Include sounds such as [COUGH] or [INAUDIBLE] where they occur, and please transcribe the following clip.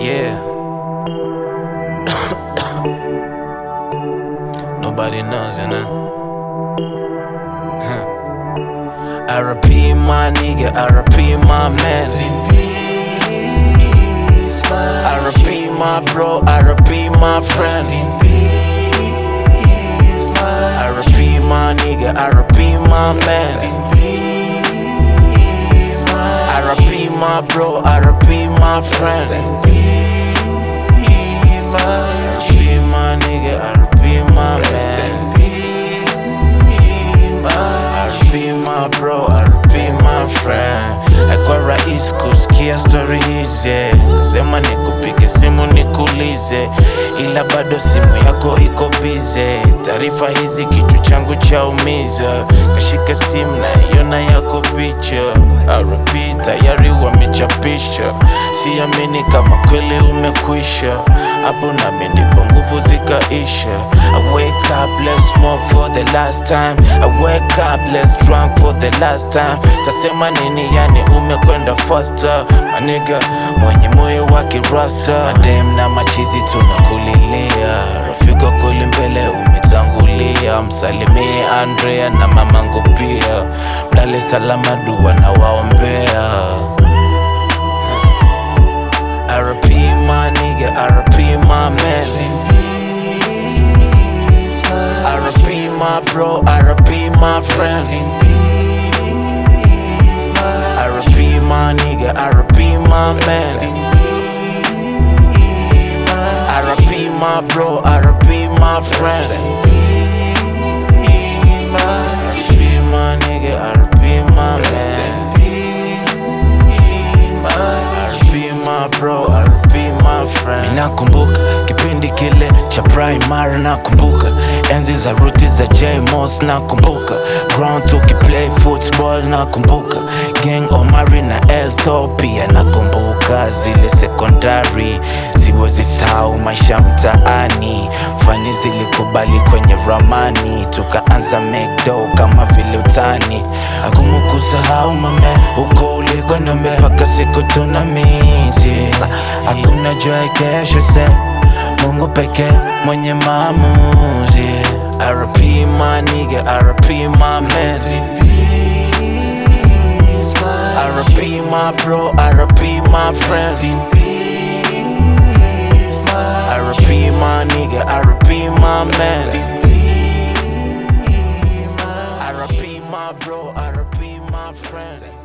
Yeah. [COUGHS] Nobody knows, you know. I repeat my nigga, I repeat my man. I repeat my bro, I repeat my friend. I repeat my nigga, I repeat my man. I repeat my bro, I repeat my friend. G, my nigga, I'll Haikuwa rahisi kusikia stori hizi, kasema nikupike simu nikulize ila bado simu yako iko bize. Taarifa hizi kichwa changu chaumiza, kashika simu na iona yako picha, RP tayari wa nimechapisha, siamini kama kweli umekwisha. Hapo nami ndipo nguvu zikaisha. I wake up, let's smoke for the last time. I wake up, let's drunk for the last time. Tasema nini? Yani umekwenda faster, maniga mwenye moyo wa kirasta. Madem na machizi tunakulilia, rafiki kweli mbele umetangulia. Msalimie Andrea na mamangu pia, mlale salama, dua na waombea bro, repeat my friend. repeat my nigga, repeat my man. in my bro, repeat my friend. repeat my nigga, RP. bro RP my friend. Ninakumbuka kipindi kile cha primary, nakumbuka enzi za ruti za JMOS, nakumbuka ground play football, nakumbuka gang Omari na Elto, pia nakumbuka zile sekondari, siwezi sahau maisha mtaani, fani zilikubali kwenye ramani, tukaanza dough kama vile utani, hakumukusahau mame, huko ulikwenda mbele mpaka siku tuna I hakuna jua ya kesho se Mungu pekee mwenye maamuzi. RP my nigga, RP my man, RP my bro, RP my RP my RP my man. RP RP my friend.